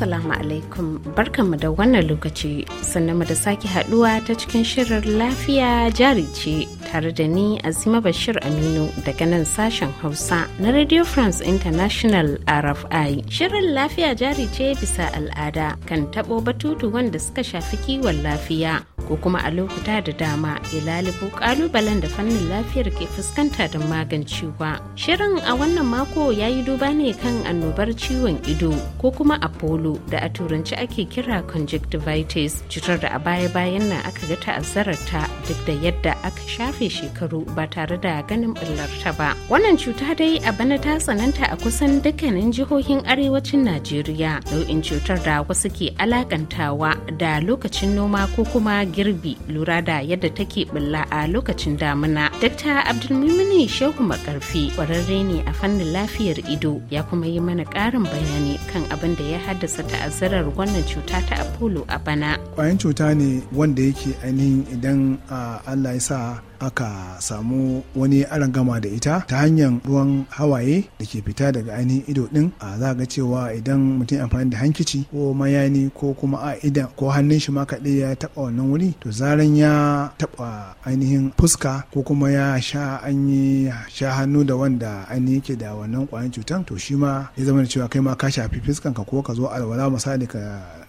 Assalamu alaikum barkanmu da wannan lokaci sannan mu da sake haduwa ta cikin shirin lafiya jari ce tare da ni Azima Bashir Aminu daga nan sashen Hausa na Radio France International RFI. Shirin lafiya jari ce bisa al'ada kan tabo batutu wanda suka shafi kiwon lafiya ko kuma a lokuta da dama ya lalibo kalubalen da fannin lafiyar ke fuskanta don magancewa. Shirin a wannan mako ya yi duba ne kan annobar ciwon ido ko kuma apollo da a turanci ake kira conjunctivitis cutar da a baya-bayan nan aka ga ta duk da yadda aka shafe shekaru ba tare da ganin ɓullarta ba. Wannan cuta dai a bana ta tsananta a kusan dukkanin jihohin arewacin Najeriya nau'in cutar da wasu ke alakantawa da lokacin noma ko kuma girbi lura da yadda take bulla a lokacin damuna. Dr. Abdulmimini Shehu Makarfi kwararre ne a fannin lafiyar ido ya kuma yi mana ƙarin bayani kan abin da ya haddasa ta'azzarar wannan cuta ta Apollo a bana. Kwayan cuta ne wanda yake ainihin idan ah, Allah ya sa aka samu wani arangama da ita ta hanyar ruwan hawaye da ke fita daga ainihin ido din a za ga cewa idan mutum amfani da hankici ko mayani ko kuma a idan ko hannun shi ma kaɗai ya taɓa wannan wuri to zaran ya taɓa ainihin fuska ko kuma ya sha an yi sha hannu da wanda ainihin yake da wannan kwayan cutan to shi ma ya zama da cewa kai ma ka shafi fuskanka ko ka zo alwala misali ka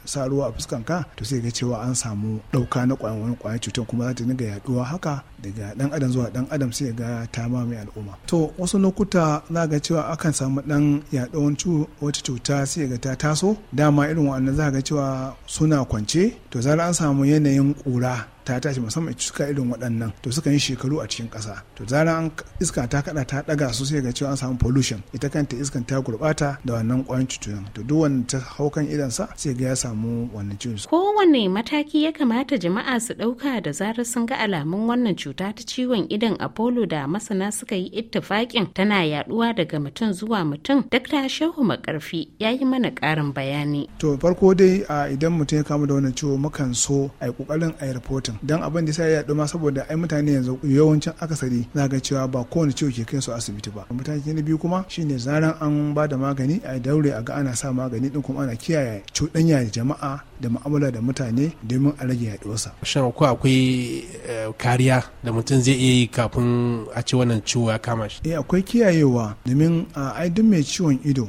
saruwa a fuskan ka to sai ga cewa an samu ɗauka na kwayan wani kwayan cutar kuma za ta dinga yaɗuwa haka daga ɗan adam zuwa dan adam sai ga ta mamaye al'umma to wasu lokuta za ga cewa akan samu ɗan yaɗuwar wata cuta sai ga ta taso dama irin wa'annan za ga cewa suna kwance to zara an samu yanayin ƙura ta tashi musamman iska irin waɗannan to suka yi shekaru a cikin ƙasa to zara an iska ta kaɗa ta ɗaga su sai ga cewa an samu pollution ita kanta iskan ta gurbata da wannan ƙwayoyin cutunan to duk wanda ta hau kan sa sai ga ya samu wannan ciwon. kowane mataki ya kamata jama'a su ɗauka da zarar sun ga alamun wannan cuta ta ciwon idan apollo da masana suka yi ittifaƙin tana yaɗuwa daga mutum zuwa mutum dakta shehu makarfi ya yi mana ƙarin bayani. to farko dai idan mutum ya kamu da wannan ciwo mukan so a yi ƙoƙarin a mutum dan abin da sai ya yaɗu ma saboda ai mutane yanzu yawancin akasari za ga cewa ba kowane ciwo ke kai su asibiti ba mutane na biyu kuma shine zaran an ba da magani a daure a ga ana sa magani din kuma ana kiyaye cuɗanya da jama'a da mu'amala da mutane domin a rage yaɗuwarsa. shan ko akwai eh, kariya da mutum zai iya yi kafin a ci wannan ciwo ya kama shi eh akwai kiyayewa domin ai duk mai ciwon ido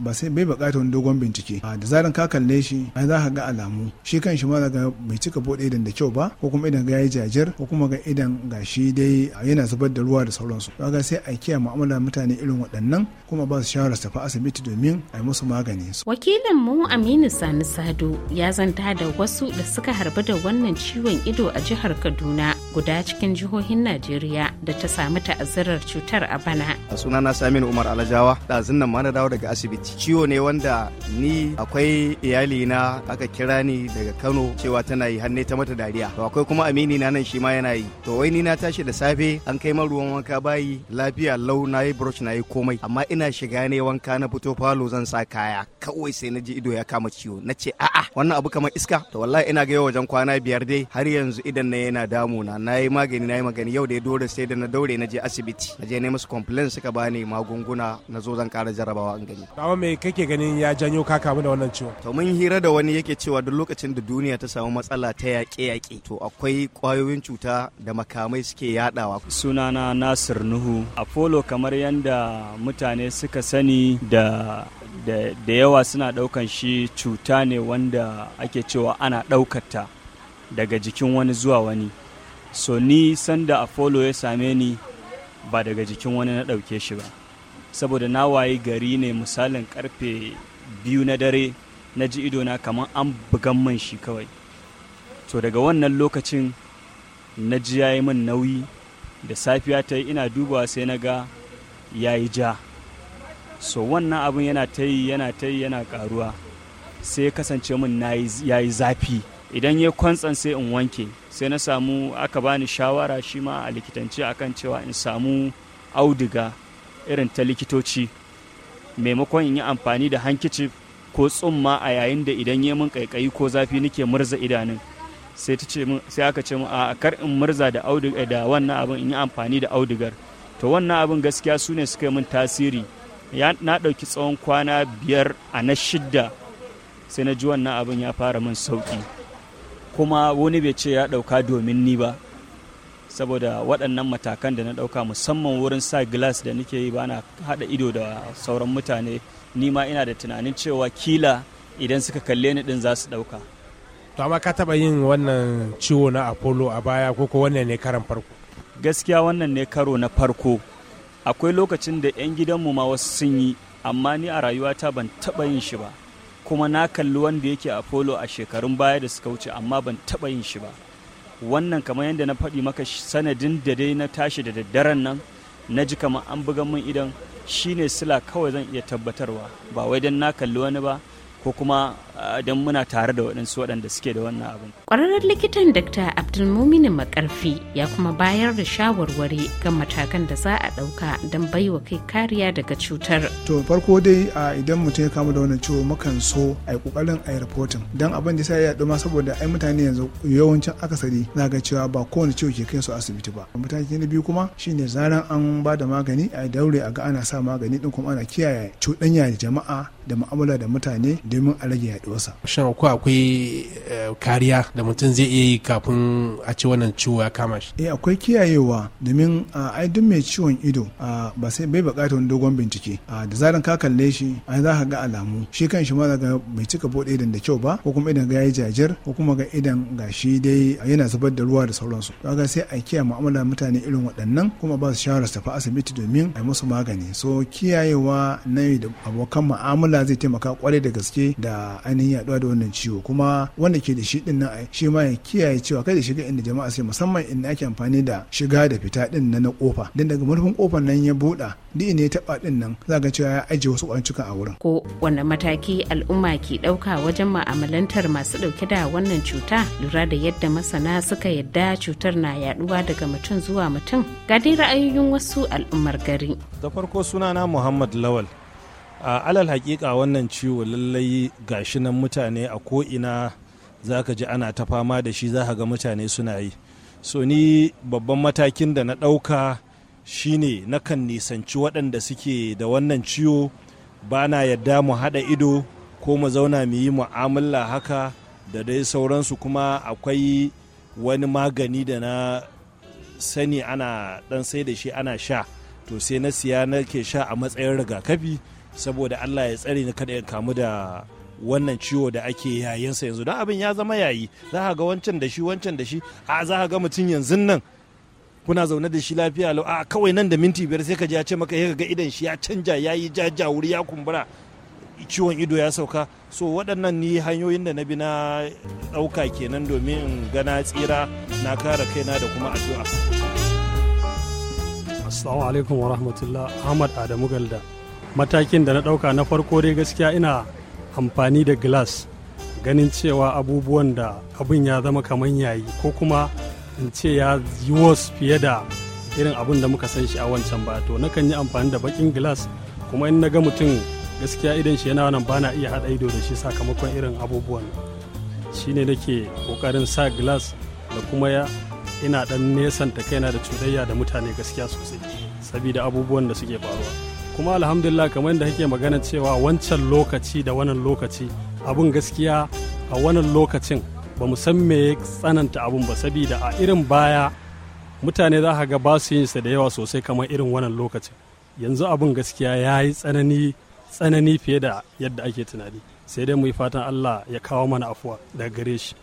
ba sai bai bukatar wani dogon bincike da zaran ka kalle shi ai za ka ga alamu shi kan shi ma daga bai cika bude da kyau ba ko kuma idan ga yi jajir ko kuma ga idan gashi dai yana zubar da ruwa da sauransu kaga sai a kiyaye mu'amala mutane irin waɗannan kuma ba su su tafi asibiti domin a yi musu magani wakilin mu Aminu Sani Sado ya zanta da wasu da suka harba da wannan ciwon ido a jihar Kaduna guda cikin jihohin Najeriya da ta samu ta'azzarar cutar a bana sunana Saminu Umar Alajawa ɗazun nan ma na dawo daga asibiti ciwo ne wanda ni akwai iyali na aka kira ni daga Kano cewa tana yi hanne ta mata dariya akwai kuma amini na nan shi ma yana yi to wai ni na tashi da safe an kai man ruwan wanka bayi lafiya lau na yi brush na yi komai amma ina shiga ne wanka na fito falo zan sa kaya kawai sai na ji ido ya kama ciwo na ce a'a wannan abu kamar iska to wallahi ina ga wajen kwana biyar dai har yanzu idan na yana damuna na yi magani na yi magani yau da ya dole sai da na daure na je asibiti na je ne musu complain suka bani magunguna na zo zan kara jarabawa an gani amma me kake ganin ya janyo ka kamu da wannan ciwon to mun hira da wani yake cewa duk lokacin da duniya ta samu matsala ta yaƙe yaƙe to akwai kwayoyin cuta da makamai suke yadawa. Sunana Nasir Nuhu. Apollo kamar yadda mutane suka sani da da, yawa suna ɗaukan shi cuta ne wanda ake cewa ana ɗaukata daga jikin wani zuwa wani so ni sanda apollo ya same ni ba daga jikin wani na ɗauke shi ba saboda na waye gari ne misalin karfe biyu na dare na ji idona kamar an bugan man shi kawai to daga wannan lokacin na ji ya yi min nauyi da safiya ta yi ina dubawa sai na ga ya yi ja so wannan abin yana ta yi yana ta yi yana karuwa sai kasance min ya yi zafi idan ya kwantsan sai in wanke sai na samu aka bani shawara shi ma a likitance akan cewa in samu auduga irin ta likitoci maimakon in yi amfani da hankicif ko tsumma a yayin da idan ya min kaikayi ko zafi nake murza idanun sai ta ce sai aka ce mu a kar in murza da auduga da wannan abin in yi amfani da audugar to wannan abin gaskiya su ne suka yi min tasiri na ɗauki tsawon kwana biyar a na shidda sai na ji wannan abin ya fara min sauki kuma wani bai ce ya ɗauka domin ni ba saboda waɗannan matakan da na ɗauka musamman wurin sa glass da nake yi ba na haɗa ido da sauran mutane ni ma ina da tunanin cewa kila idan suka kalle ni ɗin za su ɗauka to amma ka taba yin wannan ciwo na apollo a baya ko ko wannan ne karan farko gaskiya wannan ne karo na farko akwai lokacin da 'yan gidan mu ma wasu sun yi amma ni a rayuwata ban taba yin shi ba kuma na kalli wanda yake apollo a shekarun baya da suka wuce amma ban taba yin shi ba wannan kamar yadda na faɗi maka sanadin da dai na tashi da daddaren nan na ji kamar an buga min idan shine sila kawai zan iya tabbatarwa ba wai don na kalli wani ba ko kuma don muna tare da waɗansu waɗanda suke da wannan abin. Ƙwararren likitan Dr. Abdulmumin Makarfi ya kuma bayar da shawarwari ga matakan da za a ɗauka don baiwa kai kariya daga cutar. To farko dai idan mutum ya kama da wannan ciwo mukan so a yi ƙoƙarin a yi rahoton don abin da sai ya yaɗu saboda ai mutane yanzu yawancin akasari na ga cewa ba kowane ciwo ke kai su asibiti ba. Mataki na biyu kuma shine zaran an ba da magani a daure a ga ana sa magani din kuma ana kiyaye cuɗanya da jama'a da mu'amala da mutane domin a rage yaduwarsa shin ko akwai eh, kariya da mutum zai iya yi kafin a ci wannan ciwo ya kama shi eh akwai kiyayewa domin ai duk mai ciwon ido ba sai bai bukatar wani dogon bincike da zaran ka kalle shi ai za ka ga alamu shi kan shi ma ga bai cika bude idan da kyau ba ko kuma idan ga yayi jajir ko kuma ga idan ga shi dai yana zubar da ruwa da sauransu kaga sai a kiyaye mu'amala mutane irin waɗannan kuma ba su shawarar su tafi asibiti domin a yi musu magani so kiyayewa na da abokan mu'amala zai taimaka kwarai da gaske da ainihin yaduwa da wannan ciwo kuma wanda ke da shi din nan shi ma ya kiyaye cewa kada shiga inda jama'a sai musamman inda ake amfani da shiga da fita din na kofa dan daga murfin kofar nan ya buɗa duk ne ya taba din nan za ga cewa ya ajiye wasu kwancuka a wurin ko wanne mataki al'umma ke ɗauka wajen ma'amalantar masu ɗauke da wannan cuta lura da yadda masana suka yadda cutar na yaduwa daga mutum zuwa mutum ga dai ra'ayoyin wasu al'ummar gari da farko sunana muhammad lawal a alal hakika wannan ciwo lallai gashi nan mutane a ko'ina za ka ji ana ta fama da shi za ka ga mutane suna yi so ni babban matakin da na ɗauka shine kan nisanci waɗanda suke da wannan ciwo ba na yadda mu haɗa ido ko mu zauna mu yi mu'amala haka da dai sauransu kuma akwai wani magani da na sani ana ɗan sai da shi ana sha to sai na siya na ke sha a matsayin rigakafi saboda allah ya tsare ni kada ya kamu da wannan ciwo da ake yayinsa yanzu don abin ya zama yayi za ka ga wancan da shi wancan da shi a za ka ga mutum yanzu nan kuna zaune da shi lafiya lau a kawai nan da minti biyar sai ka ji ya ce maka ya ga idan shi ya canja ya yi jaja wuri ya kumbura ciwon ido ya sauka so waɗannan ni hanyoyin da na bi na ɗauka kenan domin in gana tsira na kare kaina da kuma addu'a assalamu alaikum wa rahmatullah ahmad adamu galda matakin da na ɗauka na farko dai gaskiya ina amfani da glass ganin cewa abubuwan da abin ya zama kamar yayi ko kuma in ce ya yi worse fiye da irin abin da muka san shi a wancan ba to nakan yi amfani da bakin glass kuma in na ga mutum gaskiya idan shi yana wannan na iya haɗa ido da shi sakamakon irin abubuwan shine nake kokarin sa glass da kuma ya ina dan nesanta kaina da cudayya da mutane gaskiya sosai sabida abubuwan da suke faruwa kuma alhamdulillah kamar yadda kake magana cewa wancan lokaci da wannan lokaci abun gaskiya a wannan lokacin ba mu san me tsananta abun ba saboda a irin baya mutane za ka ga ba su yin sa da yawa sosai kamar irin wannan lokacin yanzu abun gaskiya ya yi tsanani tsanani fiye da yadda ake tunani sai dai mu yi fatan Allah ya kawo mana afuwa daga gare shi.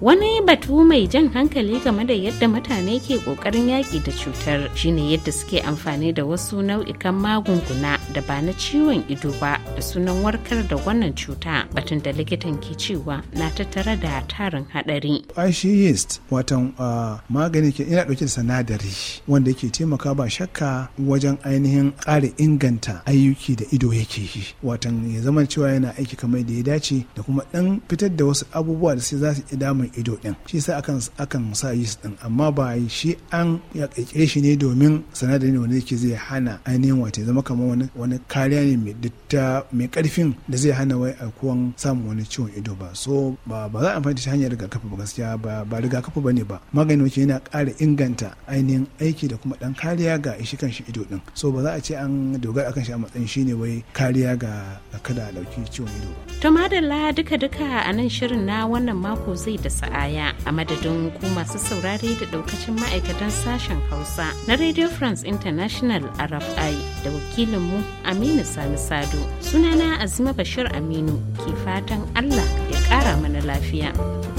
Wani batu mai jan hankali game da yadda mutane ke kokarin yaƙi da cutar shine yadda suke amfani da wasu nau'ikan magunguna da ba na ciwon ido ba da sunan warkar da wannan cuta batun da likitan ke cewa na tattara da tarin hadari. Aishi yeast watan uh, magani ke ina dauke da sanadari wanda yake taimaka ba shakka wajen ainihin ƙara inganta ayyuki da ido yake yi watan ya zama cewa yana aiki kamar da ya dace da kuma dan fitar da wasu abubuwa da sai za su damun ido din shi sa akan akan sa yi din amma ba shi an ya kirkire shi ne domin sanadari ne wanda yake zai hana ainihin wata zama kamar wani wani kariya ne mai ditta mai karfin da zai hana wai akuwan samun wani ciwon ido ba so ba ba za a amfani da shi hanyar rigakafi ba gaskiya ba ba rigakafi bane ba magani wace yana ƙara inganta ainihin aiki da kuma dan kariya ga shi kan shi ido din so ba za a ce an dogara akan shi a matsayin ne wai kariya ga kada a dauki ciwon ido ba To madalla duka-duka a nan shirin na wannan mako zai da sa'aya a madadin ku masu saurari da daukacin ma'aikatan sashen Hausa na Radio France International RFI da wakilinmu Aminu Sani Sado. Sunana Azima Bashir Aminu ke fatan Allah ya ƙara mana lafiya.